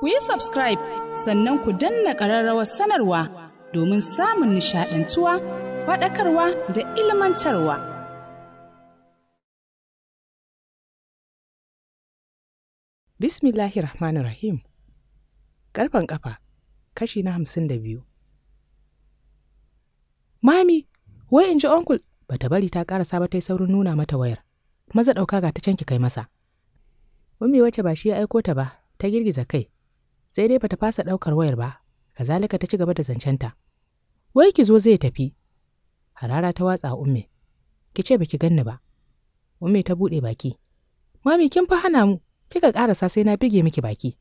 ku yi subscribe sannan ku danna ƙararrawar sanarwa domin samun nishaɗantuwa faɗakarwa da ilmantarwa. Bismillahir Rahmanir Rahim Ƙarfen ƙafa kashi na hamsin da biyu. Mami, wai in ji onkul bata bari ta ƙarasa ba ta yi saurin nuna mata wayar. Maza ɗauka ga ta canki kai masa. Ummi wacce ba shi ya aiko ta ba, ta girgiza kai, sai dai bata fasa ɗaukar wayar ba, kazalika ta ci gaba da zancenta. Wai ki zo zai tafi. Harara ta watsa umme. Ki ce baki ganni ba. Umme ta buɗe baki. Mami kin fa hana mu, kika ƙarasa sai na bige miki baki.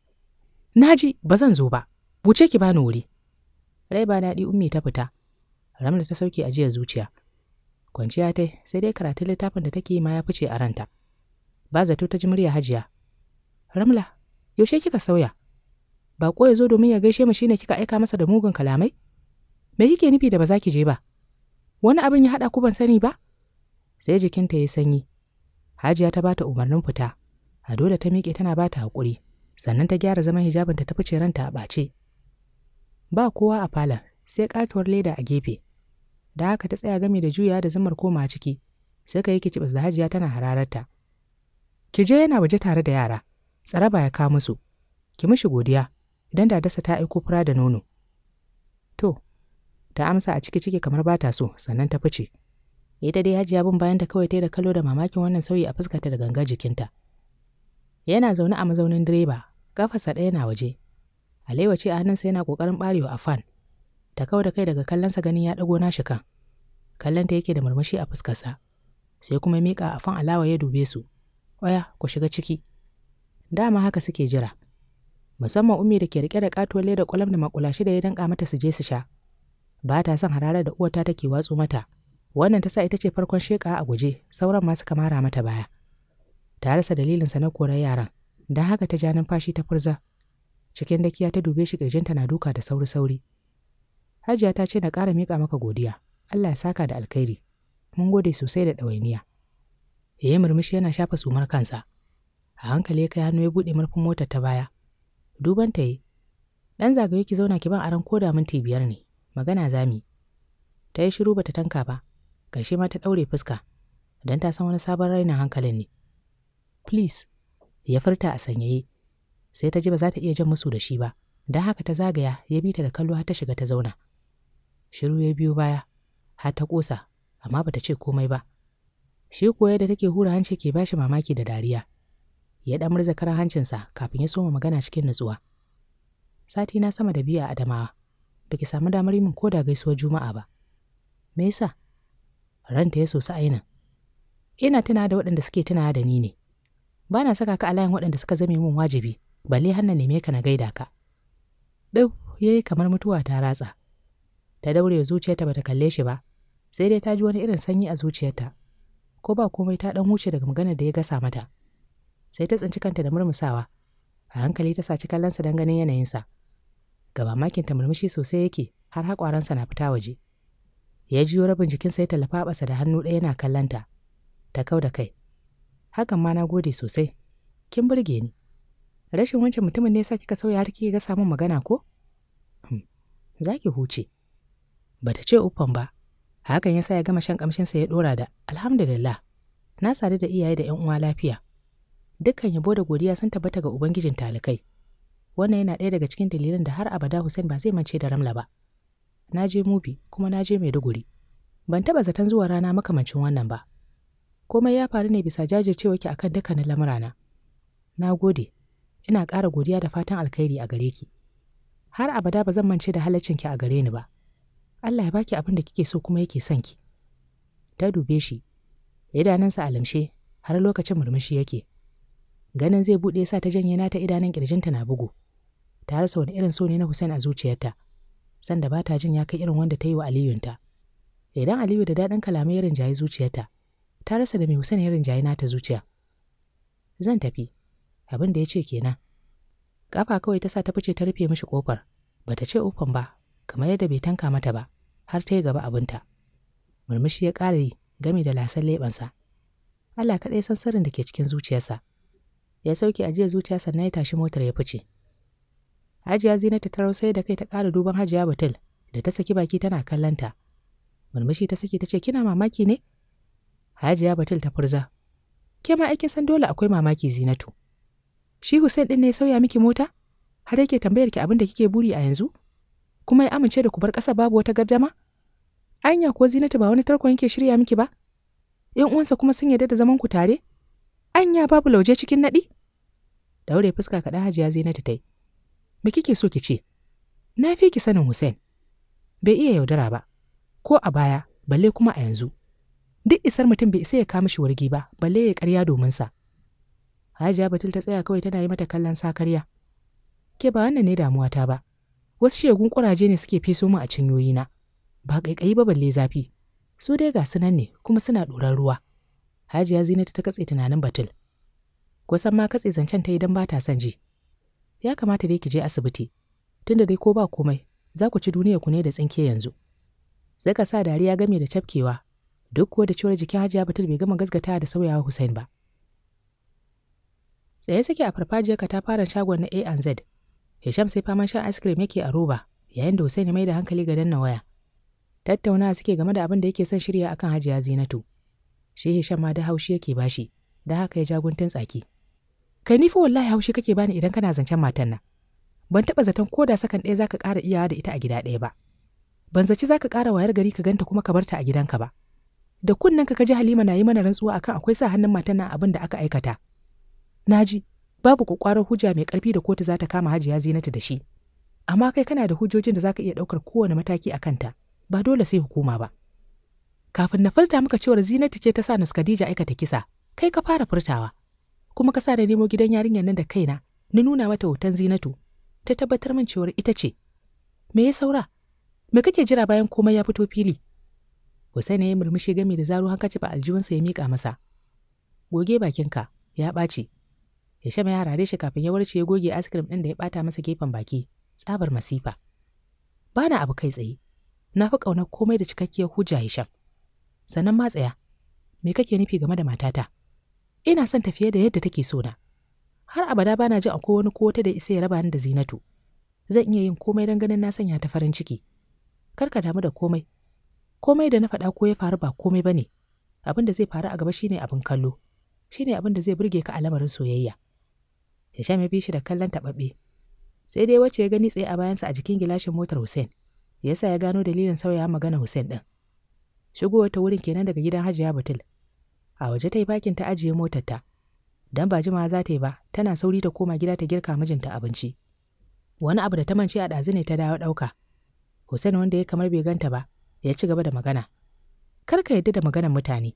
Naji ba zan zo ba, wuce ki bani wuri. Rai ba daɗi ummi ta fita. Ramla ta sauke ajiya zuciya. Kwanciya ta sai dai karatun littafin da take ma ya fice a ranta. Ba zato ta ji murya hajiya. Ramla, yaushe kika sauya? Bako ya zo domin ya gaishe mu shine kika aika masa da mugun kalamai? Me kike nufi da ba za ki je ba? Wani abin ya haɗa ku ban sani ba? Sai jikinta ya sanyi. Hajiya ta bata umarnin fita. Ado da ta miƙe tana bata haƙuri. Sannan ta gyara zaman hijabinta ta fice ranta a ɓace. Ba kowa a falon, sai katuwar leda a gefe. Da haka ta tsaya gami da juya da zamar koma ciki. Sai ka yi cibas da hajiya tana hararta. Ki je yana waje tare da yara. Tsaraba ya ka musu. Ki mishi godiya. idan da dasa ta aiko fura da nono. To, ta amsa a ciki ciki kamar bata so sannan ta fice. Ita dai hajiya bin bayan ta kawai ta da kalo da mamakin wannan sauyi a fuskarta da ganga jikinta. Yana zaune a mazaunin direba, kafarsa ɗaya na waje. Alewa ce a hannunsa yana ƙoƙarin ɓarewa a fan. Ta kawai da kai daga kallonsa ganin ya ɗago nashi kan. Kallonta yake da murmushi a fuskarsa. Sai kuma miƙa a fan alawa ya dube su. Oya, ku shiga ciki. Dama haka suke jira. musamman ummi da ke rike da katuwar leda kwalam da makulashi da ya danka mata su je su sha ba ta son hararar da uwata take watsu mata wannan ta sa ita ce farkon sheka a guje sauran masu suka mara mata baya ta rasa dalilinsa na korar yaran don haka ta ja numfashi ta furza cikin dakiya ta dube shi ta na duka da sauri sauri hajiya ta ce na ƙara miƙa maka godiya allah ya saka da alkhairi mun gode sosai da ɗawainiya ya murmushi yana shafa sumar kansa a hankali ya kai hannu ya buɗe murfin motar ta baya duban ta yi ɗan zagaye ki zauna ki ban aran ko da minti biyar ne magana zami ta yi shiru bata tanka ba ƙarshe ma ta ɗaure fuska don ta san wani sabon rainin hankalin ne please ya furta a sanyaye sai ta ji ba za ta iya jan musu da shi ba don haka ta zagaya ya bi ta da kallo har ta shiga ta zauna shiru ya biyo baya har ta ƙosa amma bata ce komai ba shi koyar da take hura hanci ke bashi mamaki da dariya ya ɗan murza karar hancinsa kafin ya soma magana cikin nutsuwa. Sati na sama da biyu a Adamawa, baki samu damar yi min ko da gaisuwar Juma'a ba. Me yasa? Ranta ya sosa ainin. Ina tuna da waɗanda suke tunawa da ni ne. Ba na saka ka a layin waɗanda suka zame min wajibi, balle hannan ne, neme ka na gaida ka. Ɗau, ya yi kamar mutuwa ta ratsa. Ta daure zuciyarta ba ta kalle shi ba, sai dai ta ji wani irin sanyi a zuciyarta. Ko ba komai ta ɗan wuce daga maganar da ya gasa mata. sai ta tsinci kanta da murmusawa a hankali ta saci kallonsa don ganin yanayinsa ga mamakinta murmushi sosai yake har haƙwaransa na fita waje ya jiyo rabin jikinsa ya tallafa basa da hannu ɗaya yana kallonta ta kau da kai hakan ma na gode sosai kin burge ni rashin wancan mutumin ne sa kika sauya har kike ga samun magana ko hmm. za ki huce ba ta ce uffan ba hakan ya sa ya gama shan kamshinsa ya ɗora da alhamdulillah na sadu da iyaye da 'yan uwa lafiya dukkan yabo da godiya sun tabbata ga Ubangijin talikai. Wannan yana ɗaya daga cikin dalilan da har abada Hussein ba zai mance da Ramla ba. Na je Mubi kuma na je Maiduguri. Ban taɓa zaton zuwa rana makamancin wannan ba. Komai ya faru ne bisa jajircewa ki akan dukkanin lamurana. Na gode, ina ƙara godiya da fatan alkhairi a gare ki. Har abada ba zan mance da ki a gare ni ba. Allah ya baki abin da kike so kuma yake son ki. Ta dube shi, idanunsa a lamshe har lokacin murmushi yake. ganin zai buɗe sa ta janye nata idanun ƙirjinta na bugu ta rasa wani irin so ne na Hussein a zuciyarta sanda ba ta jin ya kai irin wanda ta yi wa Aliyunta idan Aliyu da daɗin kalamai ya rinjayi zuciyarta ta rasa da mai Hussein ya rinjayi nata zuciya zan tafi abin da ya ce kenan kafa kawai ta sa ta fice ta rufe mishi kofar bata ce ofan ba kamar yadda bai tanka mata ba har ta yi gaba abinta murmushi ya ƙara yi, gami da lasan leɓensa Allah kaɗai san sirrin da ke cikin zuciyarsa ya sauke ajiya zuciya sannan ya tashi motar ya fice. Hajiya Zinata ta rausaya da kai ta ƙara duban Hajiya Batul da ta saki baki tana kallanta. Murmushi ta saki ta ce kina mamaki ne? Hajiya Batul ta furza. Ke ma aikin san dole akwai mamaki Zinatu. Shi Hussein din ne sauya miki mota? Har yake tambayar ki abin da kike buri a yanzu? Kuma ya amince da ku bar ƙasa babu wata gardama? Anya ko Zinatu ba wani tarkon yake shirya miki ba? ‘Yan uwansa kuma sun yarda da zaman ku tare? anya babu lauje cikin naɗi? Daure fuska kaɗan hajiya Zainatu ta yi. Me kike so ki ce? Na fi ki sanin Hussein. Bai iya yaudara ba, ko a baya, balle kuma a yanzu. Duk isar mutum bai isa ya kama shi wargi ba, balle ya karya domin sa. Hajiya Batul ta tsaya kawai tana yi mata kallon sakarya. Ke ba wannan ne damuwata ba. Wasu shegun ƙuraje ne suke feso min a cinyoyina. Ba ƙaiƙayi ba balle zafi. Su dai ga sunan ne kuma suna ɗoran ruwa. Hajiya Zinatu ta katse tunanin Batul. Kusan ma katse zancen ta idan ba ta son ji. Ya kamata dai ki je asibiti, tunda dai ko ba komai, za ku ci duniya ku ne da tsinke yanzu. Sai ka sa dariya game da cafkewa, duk kuwa da cewar jikin Hajiya Batul bai gama gasgata da sauyawa husain ba. Tsaye suke a farfajiyar fara shagon na A and Z. Hisham sai faman shan ice cream yake a roba, yayin da Hussein ya mai da hankali ga danna waya. Tattaunawa suke game da abin da yake son shirya akan Hajiya Zinatu. shehe shan ma da haushi yake bashi da haka ya ja tsaki kai ni fa wallahi haushi kake bani idan kana zancen matan nan ban taɓa zaton ko da sakan ɗaya zaka ƙara iyawa da ita a gida ɗaya ba ban zaci zaka ƙara wayar gari ka ganta kuma ka barta a gidanka ba da kunnen ka ji Halima na yi mana rantsuwa akan akwai sa hannun matan nan abin da aka aikata naji babu kwakwarar hujja mai karfi da kotu za ta kama Hajiya Zinatu da shi amma kai kana da hujjojin da zaka iya ɗaukar kowane mataki a kanta ba dole sai hukuma ba kafin na furta maka cewar zinatu ce ta sa nus Khadija aikata kisa, kai ka fara furtawa. Kuma ka sa da nemo gidan yarinyar nan da kaina, na nuna mata hoton zinatu, ta tabbatar min cewar ita ce. Me ya saura? Me kake jira bayan komai ya fito fili? Husaini ya murmushi gami da zaro hankaci ba aljihunsa ya miƙa masa. Goge bakinka, ya ɓaci. Ya shama ya harare shi kafin ya warce ya goge ice cream ɗin da ya ɓata masa gefen baki, tsabar masifa. Bana abu kai tsaye, na fi ƙaunar komai da cikakkiyar hujja ya shan. sannan ma tsaya me kake nufi game da matata ina son ta fiye da yadda take so na har abada bana jin akwai wani ko wata da isa ya raba ni da zinatu zan iya yin komai don ganin na sanya ta farin ciki kar ka damu da komai komai da na faɗa ko ya faru ba komai bane abin da zai faru a gaba shine abin kallo shine abin da zai burge ka a lamarin soyayya Hisham ya bi shi da kallon taɓaɓɓe sai dai wacce ya gani tsaye a bayansa a jikin gilashin motar Hussein yasa ya gano dalilin sauyawa magana Hussein ɗin. shigowar ta wurin kenan daga gidan hajiya batul a waje ta yi bakin ta ajiye motar ta dan ba jimawa za ta yi ba tana sauri ta koma gida ta girka mijinta abinci wani abu da ta mance a ɗazu ne ta dawo ɗauka Hussein wanda ya kamar bai ganta ba ya ci gaba da magana kar ka yadda da maganar mutane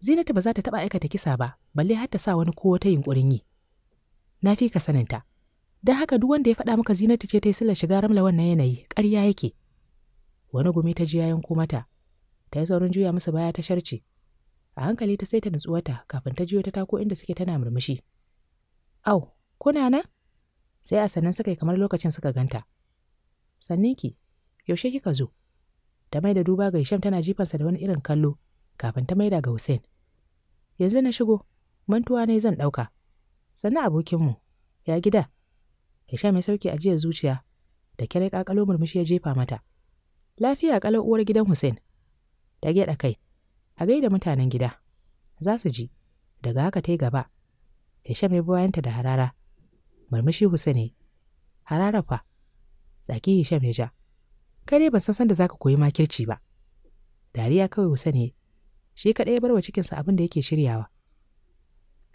Zinatu ba za ta taɓa aikata kisa ba, balle har ta sa wani kowa ta yunƙurin yi. Na fi ka saninta. Don haka duk wanda ya faɗa maka Zinatu ce ta yi sila shiga ramla wannan yanayi, ƙarya yake. Wani gumi ta ji ya yanko mata, ta yi saurin juya masa baya ta sharce a hankali ta saita ta kafin ta jiyo ta tako inda suke tana murmushi au kuna na sai a sannan suka yi kamar lokacin suka ganta sannin ki yaushe kika zo ta mai da duba ga Hisham tana jifansa da wani irin kallo kafin ta maida ga Hussein yanzu na shigo mantuwa ne zan ɗauka sannan abokinmu ya gida Hisham ya sauke ajiyar zuciya da kyarai ƙaƙalo murmushi ya jefa mata lafiya ƙalar uwar gidan Hussein ta gyaɗa kai a gaida mutanen gida za su ji daga haka ta yi gaba Hisham ya bayanta da harara Marmashi murmushi ne. harara fa tsaki Hisham ya ja kai dai ban san san da ka koyi makirci ba dariya kawai ne. shi kaɗai ya barwa cikinsa abin da yake shiryawa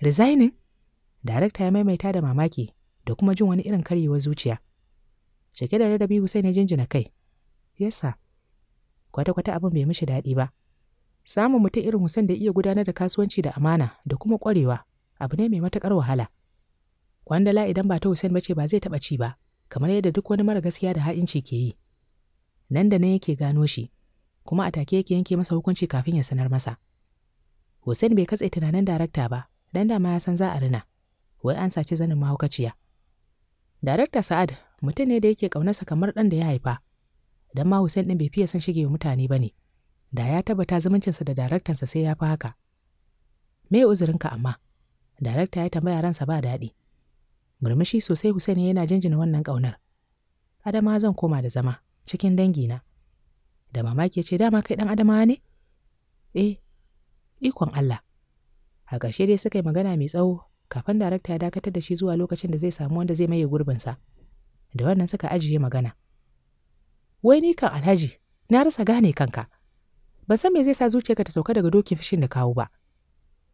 resigning darakta ya maimaita da mamaki da kuma jin wani irin karyewar zuciya cike da ladabi Hussein ya jinjina kai yasa kwata-kwata abin bai mishi daɗi ba. Samun mutum irin Hussein da iya gudanar da kasuwanci da amana da kuma ƙwarewa abu ne mai matuƙar wahala. Kwandala idan ba ta Hussein ce ba zai taɓa ci ba, kamar yadda duk wani mara gaskiya da ha'inci ke yi. Nan da nan yake gano shi, kuma a take yake yanke masa hukunci kafin ya sanar masa. Hussein bai katse tunanin darakta ba, dan dama ya san za a rina. Wai an saci zanin mahaukaciya. Darakta Sa'ad mutum ne da yake ƙaunarsa kamar ɗan da ya haifa, don ma Hussein ɗin bai fiye son shige mutane ba ne, da ya tabbata zumuncinsa da daraktansa sai ya fi haka. Me uzurinka amma, darakta ya tambaya ransa ba daɗi. Murmushi sosai Hussein yana jinjina wannan ƙaunar. Adama zan koma da zama, cikin dangi na. Da mamaki ya ce dama kai dan adama ne? Eh, ikon Allah. A ƙarshe dai suka yi magana mai tsawo kafin darakta ya dakatar da shi zuwa lokacin da zai samu wanda zai maye gurbinsa. Da wannan suka ajiye magana. wai ni kan alhaji na rasa gane kanka ban san me zai sa zuciyarka ta sauka daga dokin fishin da kawo ba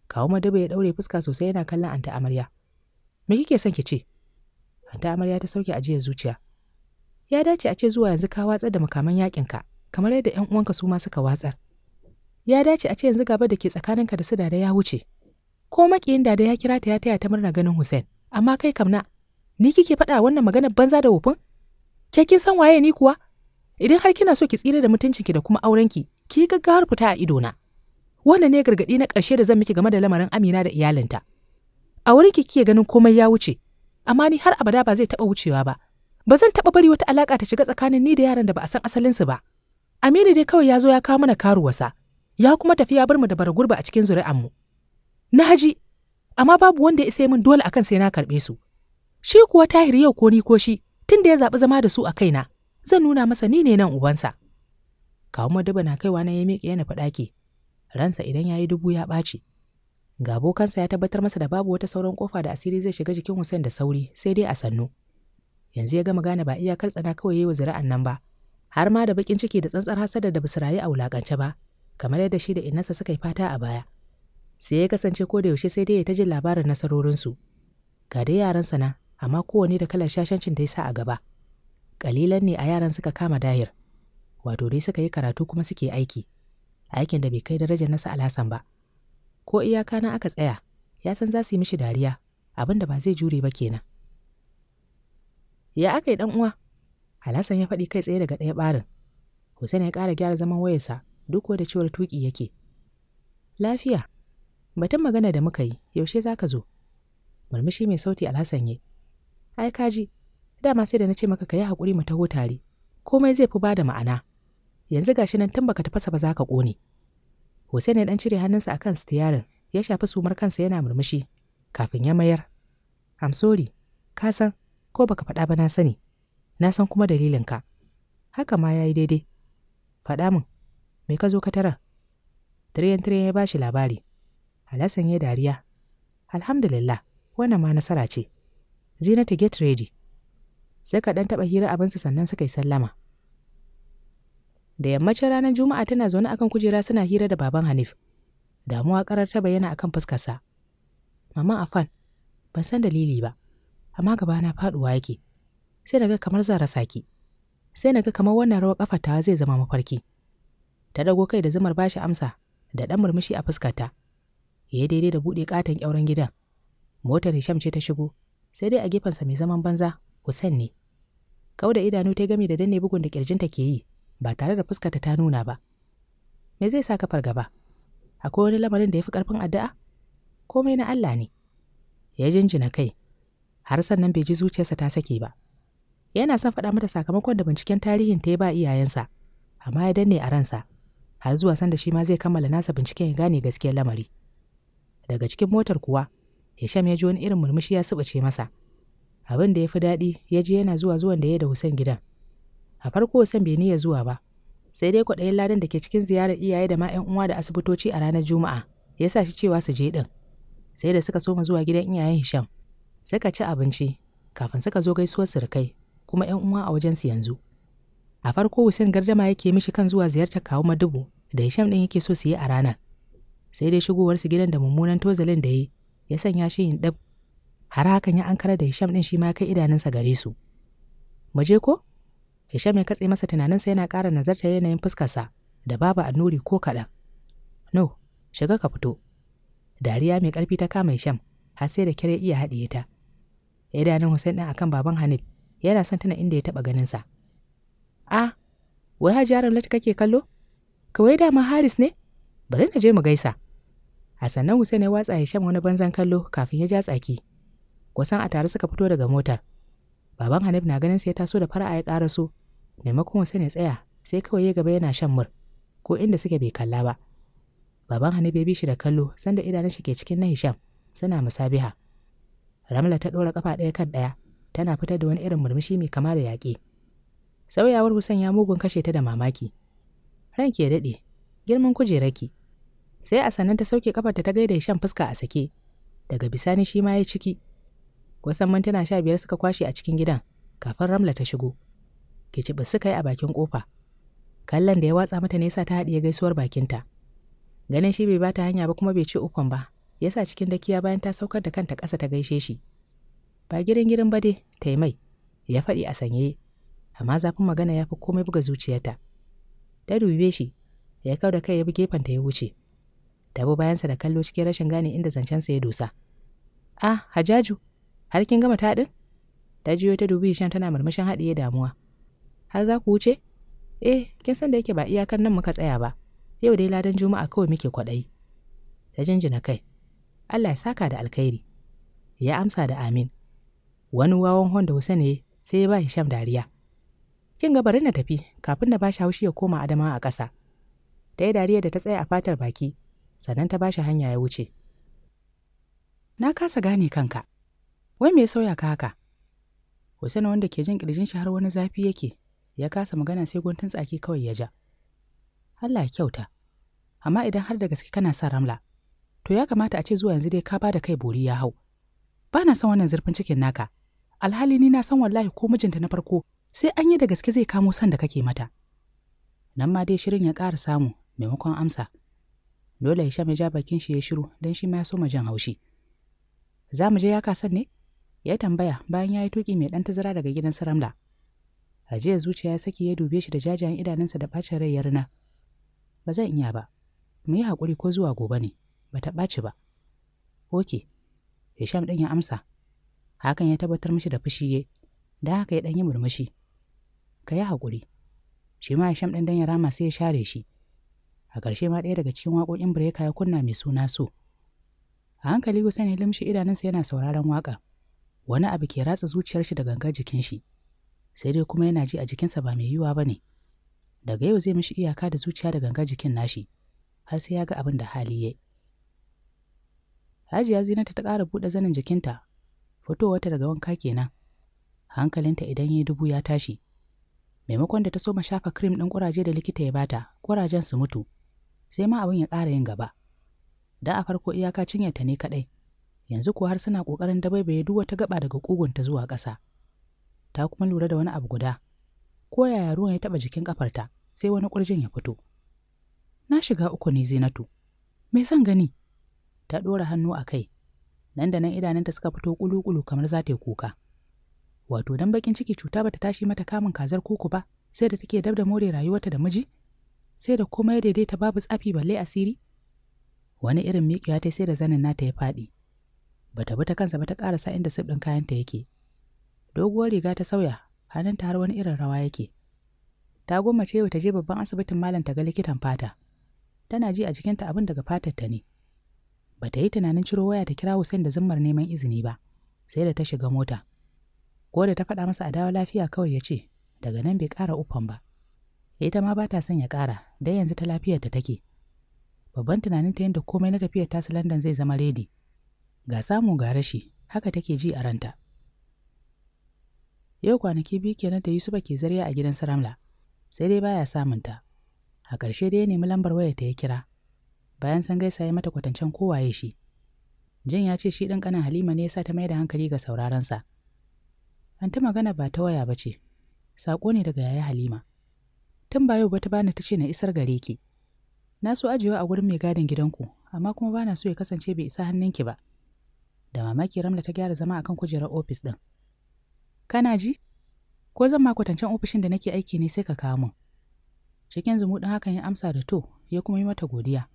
kawo madaba ya daure fuska sosai yana kallon anta amarya me kike son ki ce anta amarya ta sauke ajiyar zuciya ya dace a ce zuwa yanzu ka watsar da makaman yakin ka kamar yadda ƴan uwanka su ma suka watsar ya dace a ce yanzu gaba da ke tsakaninka da su da ya wuce ko makiyin Dada ya kira ta ya taya ta murna ganin Hussein amma kai kamna ni kike faɗa wannan maganar banza da wufin ke kin san waye ni kuwa Idan har kina so ki tsira da mutuncinki da kuma aurenki, ki gaggawar fita a ido na Wannan ne gargaɗi na ƙarshe da zan miki game da lamarin Amina da iyalinta. A ki kike ganin komai ya wuce, amma ni har abada ba zai taɓa wucewa ba. Ba zan taɓa bari wata alaƙa ta shiga tsakanin ni da yaran da ba a san asalinsu ba. Aminu dai kawai ya zo ya kawo mana karuwarsa, ya kuma tafi ya bar mu da bara gurba a cikin zuri'anmu. Na haji, amma babu wanda ya isa min dole akan sai na karɓe su. Shi kuwa Tahir yau ko ni ko shi, tun da ya zaɓi zama da su a kaina, zan nuna masa ni ne nan ubansa. Kawo madaba na kaiwa na ya miƙe yana faɗaki, ransa idan ya yi dubu ya ɓaci. Ga abokansa ya tabbatar masa da babu wata sauran ƙofa da asiri zai shiga jikin Hussein da sauri sai dai a sannu. Yanzu ya gama gane ba iyakar tsana kawai ya yi wa zira'an nan ba, har ma da baƙin ciki da tsantsar hasada da basu rayu a wulaƙance ba, kamar yadda shi da innansa suka yi fata a baya. Sai ya kasance ko da yaushe sai dai ya ta jin labarin nasarorinsu. Ga dai yaransa na, amma kowane da kalar shashancin da ya sa a gaba. Ƙalilan ne a yaran suka kama dahir, wato dai suka yi karatu kuma suke aiki, aikin da bai kai darajar nasa alhassan ba. Ko iyaka na aka tsaya, ya san za su yi mishi dariya, abin da ba zai jure ba kenan. Ya aka yi ɗan uwa? Alhassan ya faɗi kai tsaye daga ɗaya ɓarin. Hussein ya ƙara gyara zaman wayarsa duk da cewar tuƙi yake. Lafiya, batun magana da muka yi, yaushe za ka zo? Murmushi mai sauti Alhassan ya. Ai, kaji, dama sai da na ce maka ka yi haƙuri mu taho tare komai zai fi ba da ma'ana yanzu gashi nan tun baka tafasa ba za ka ƙone Hussein ya dan cire hannunsa akan stiyarin ya shafi sumar kansa yana murmushi kafin ya mayar am sorry ka san ko baka faɗa ba na sani na san kuma dalilinka haka ma ya yi daidai faɗa min me ka zo ka tara tiriyan tiriyan ya bashi labari Alhassan ya dariya alhamdulillah wannan ma nasara ce zinata get ready saka ɗan taɓa hira abinsa sannan suka yi sallama. Da yammacin ranar Juma'a tana zaune akan kujera suna hira da baban Hanif. Damuwa karar ta bayyana akan fuskarsa. Mama Afan, ban san dalili ba, amma gaba na faɗuwa yake. Sai naga kamar zara saki. Sai naga kamar wannan rawar ƙafar ta zai zama mafarki. Ta dago kai da zumar bashi amsa da ɗan murmushi a fuskarta. Ya daidai da buɗe ƙaton ƙyauren gidan. Motar Hisham ce ta shigo, sai dai a gefensa mai zaman banza Hussein ne. kauda idanu ta gami da danne bugun da kirjinta ke yi, ba tare da fuskarta ta nuna ba. Me zai sa kafar gaba? Akwai wani lamarin da ya fi ƙarfin addu'a? Komai na Allah ne. Ya jinjina kai, har sannan bai ji zuciyarsa ta sake ba. Yana son faɗa mata sakamakon da binciken tarihin ta ba iyayensa, amma ya danne a ransa, har zuwa sanda shi ma zai kammala nasa binciken ya gane gaskiyar lamari. Daga cikin motar kuwa, ya Hisham ya ji wani irin murmushi ya subace masa. abin da ya fi daɗi ya ji yana zuwa zuwan da ya da Hussein gidan. A farko Hussein bai niyya zuwa ba, sai dai kwaɗayin ladan da ke cikin ziyarar iyaye da ma 'yan uwa da asibitoci a ranar Juma'a ya sa shi cewa su je ɗin. Sai da suka soma zuwa gidan iyayen Hisham, suka ci abinci kafin suka zo gaisuwar surukai kuma 'yan uwa a su yanzu. A farko Hussein gardama yake mishi kan zuwa ziyartar kawo dubu, da Hisham ɗin yake so su yi a ranar. Sai dai shigowarsu gidan da mummunan tozalin da ya yi ya sanya shi yin ɗab har hakan ya ankara da Hisham ɗin shi ma kai idanunsa gare su. Mu je ko? Hisham ya katse masa tunaninsa yana ƙara nazarta yanayin fuskarsa da babu annuri ko kaɗan. No, shiga ka fito. Dariya mai ƙarfi ta kama Hisham har sai da kire iya haɗiye ta. Idanun Hussein ɗin akan baban Hanif yana son tuna inda ya taɓa ganinsa. A, ah, wai Hajiyarar Lati kake kallo? Kawai dama Haris ne? Bari na je mu gaisa. Hassanan Hussein ya watsa Hisham wani banzan kallo kafin ya ja tsaki. kusan a tare suka fito daga motar baban hanif na ganin sai ya taso da fara'a ya ƙara so maimakon wasu ne tsaya sai kawai ya gaba yana shan mur ko inda suke bai kalla ba baban hanif ya bi shi da kallo sanda idanun shi ke cikin na hisham suna musabiha ramla ta ɗora kafa ɗaya kan ɗaya tana fitar da wani irin murmushi mai kama da yaƙi sauyawar husan ya mugun kashe ta da mamaki ranki ya daɗe girman kujerar ki. sai a sannan ta sauke kafarta ta gaida shan fuska a sake daga bisani shi ma ya ciki kusan mintuna sha biyar suka kwashe a cikin gidan kafin ramla ta shigo kicibi suka yi a bakin kofa kallon da ya watsa mata nesa ta haɗiye gaisuwar bakinta ganin shi bai bata hanya ba kuma bai ce ufan ba yasa cikin dakiya bayan ta saukar da kanta ƙasa ta gaishe shi ba girin girin ba dai ta mai ya faɗi a sanye amma zafin magana ya fi komai buga zuciyarta ta dube shi ya kau da kai ya bi gefen ta ya wuce ta bayansa da kallo cikin rashin gane inda zancensa ya dosa ah hajaju Har kin gama taɗin? Ta jiyo ta dubi shan tana murmushin haɗiye damuwa. Har za ku wuce? Eh, kin san da yake ba iyakar nan muka tsaya ba. Yau dai ladan Juma'a kawai muke kwaɗayi. Ta jinjina kai. Allah ya saka da alkhairi. Ya amsa da amin. Wani wawan hon da Hussein ne sai ya ba Hisham dariya. Kin ga bari na tafi kafin na shi haushi ya koma adama a ƙasa. Ta yi dariya da ta tsaya a fatar baki, sannan ta ba shi hanya ya wuce. Na kasa gane kanka. wai me ya sauya ka haka Hussein wanda ke jin kirjin shi har wani zafi yake ya kasa magana sai guntun tsaki kawai ya ja Allah ya kyauta amma idan har da gaske kana sa ramla to ya kamata a ce zuwa yanzu dai ka ba da kai bori ya hau ba na son wannan zurfin cikin naka alhali ni na san wallahi ko mijinta na farko sai an yi da gaske zai kamo san da kake mata nan ma dai shirin ya ƙara samu maimakon amsa dole ya sha mai ja bakin shi ya shiru don shi ma ya so jan haushi za mu je ya kasan ne ya tambaya bayan ya yi tuƙi mai ɗan tazara daga gidan su ramla jiya zuciya ya saki ya dube shi da jajayen idanunsa da ɓacin rai ya rina ba zan iya ba mu yi haƙuri ko zuwa gobe ne ba ta ɓaci ba oke hisham ɗin ya amsa hakan ya tabbatar mishi da fushi ye da haka ya ɗan yi murmushi ka yi haƙuri shi ma hisham ɗin dan ya rama sai ya share shi a ƙarshe ma ɗaya daga cikin waƙoƙin bireka ya kunna mai suna so a hankali Hussein ya limshi idanunsa yana sauraron waƙa wani abu ke ratsa zuciyar shi da gangar jikin shi sai dai kuma yana ji a jikinsa ba mai yiwuwa ba ne daga yau zai mishi iyaka da zuciya da gangar jikin nashi har sai ya ga abin da hali ya hajiya zinata ta ƙara buɗe zanin jikinta fitowarta daga wanka kenan hankalinta idan ya dubu ya tashi maimakon da ta so ma shafa cream ɗin ƙuraje da likita ya bata ƙurajen su mutu sai ma abin ya ƙara yin gaba da a farko iyaka cinyar ta ne kaɗai yanzu kuwa har suna ƙoƙarin dabaibaye duk wata gaba daga ƙugunta zuwa ƙasa. Ta kuma lura da wani abu guda, ko yaya ruwan ya taɓa jikin ƙafarta sai wani ƙurjin ya fito. Na shiga uku ne Zinatu, me son gani? Ta ɗora hannu a kai, nan da nan idanunta suka fito ƙulu-ƙulu kamar za ta yi kuka. Wato don bakin ciki cuta bata tashi mata kamun kazar koko ba, sai da take dab da more rayuwarta da miji? Sai da komai daidaita babu tsafi balle asiri? Wani irin miƙiya ta sai da zanin nata ya faɗi. Bata ta bi ta kansa ba ta ƙarasa inda sif ɗin kayanta yake doguwar riga ta sauya hannunta har wani irin rawa yake ta goma gwammace ta je babban asibitin malam ta ga likitan fata tana ji a jikinta abin daga fatar ta ne ba ta yi tunanin ciro waya ta kira Hussein da zimmar neman izini ba sai da ta shiga mota ko da ta faɗa masa a dawo lafiya kawai ya ce daga nan bai ƙara ufan ba ita ma ba ta son ya ƙara dai yanzu ta lafiyarta ta take babban tunanin ta yadda komai na tafiyar tasu London zai zama redi ga samu ga rashi haka take ji a ranta. Yau kwanaki biyu kenan da Yusufa ke zarya a gidan Saramla, sai dai baya samun ta. A ƙarshe dai ya nemi lambar waya ta ya kira, bayan san gaisa ya mata kwatancen kowaye shi. Jan ya ce shi ɗan ƙanan Halima ne ya sa ta mai hankali ga saurarensa. An ta magana ba ta waya ba ce, saƙo ne daga yaya Halima. Tun ba yau ba ta bani ta ce na isar gare ki. Na so ajiyewa a wurin mai gadin gidanku, amma kuma bana so ya kasance bai isa hannunki ba. Da mamaki Ramla ta gyara zama akan kujerar ofis ɗin. Kana ji? Ko zan ma kwatancen ofishin da nake aiki ne sai ka kawo min. Cikin zumuɗin hakan ya amsa da to, ya kuma yi mata godiya.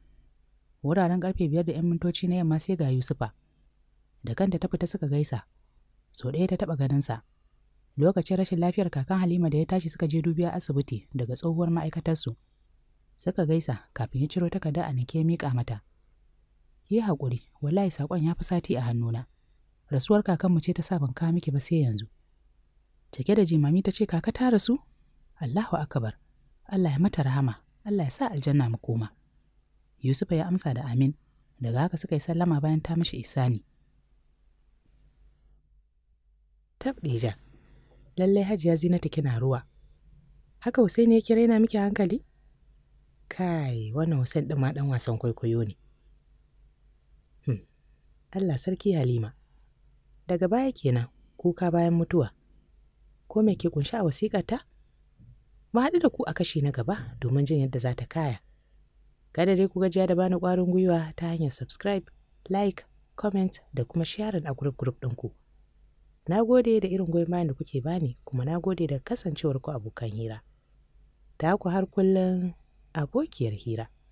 Wuraren ƙarfe biyar da ‘yan mintoci na yamma sai ga Yusufa. Da kanta ta fita suka gaisa. Sau ɗaya ta taɓa ganinsa. Lokacin rashin lafiyar kakan Halima da ya tashi suka je dubiya asibiti daga tsohuwar ma'aikatar su. Suka gaisa kafin ya ciro takarda a nike miƙa mata. Yi hakuri, wallahi saƙon ya fi sati a hannuna. Rasuwar kakanmu ce ta sa ban kawo miki ba sai yanzu. Cike da jimami ta ce kaka ta rasu? Allahu akbar. Allah ya mata rahama, Allah ya sa aljanna mu koma. Yusufa ya amsa da amin, daga haka suka yi sallama bayan ta mashi isani. Tabdija, lallai hajiya zinata kina ruwa. Haka Hussein ya kira yana miki hankali? Kai, wannan Hussein ɗin ma ɗan wasan kwaikwayo ne. Allah sarki Halima. Daga baya kenan, kuka bayan mutuwa. Ko me ke kunshi a wasikarta? Mu haɗu da ku a kashi na gaba domin jin yadda za ta kaya. Kada dai ku gajiya da bani ƙwarin gwiwa ta hanyar subscribe, like, comment da kuma sharing a group group ɗinku. Na gode da irin goyon bayan da kuke bani kuma na gode da kasancewar ku abokan hira. Ta ku har kullum abokiyar hira.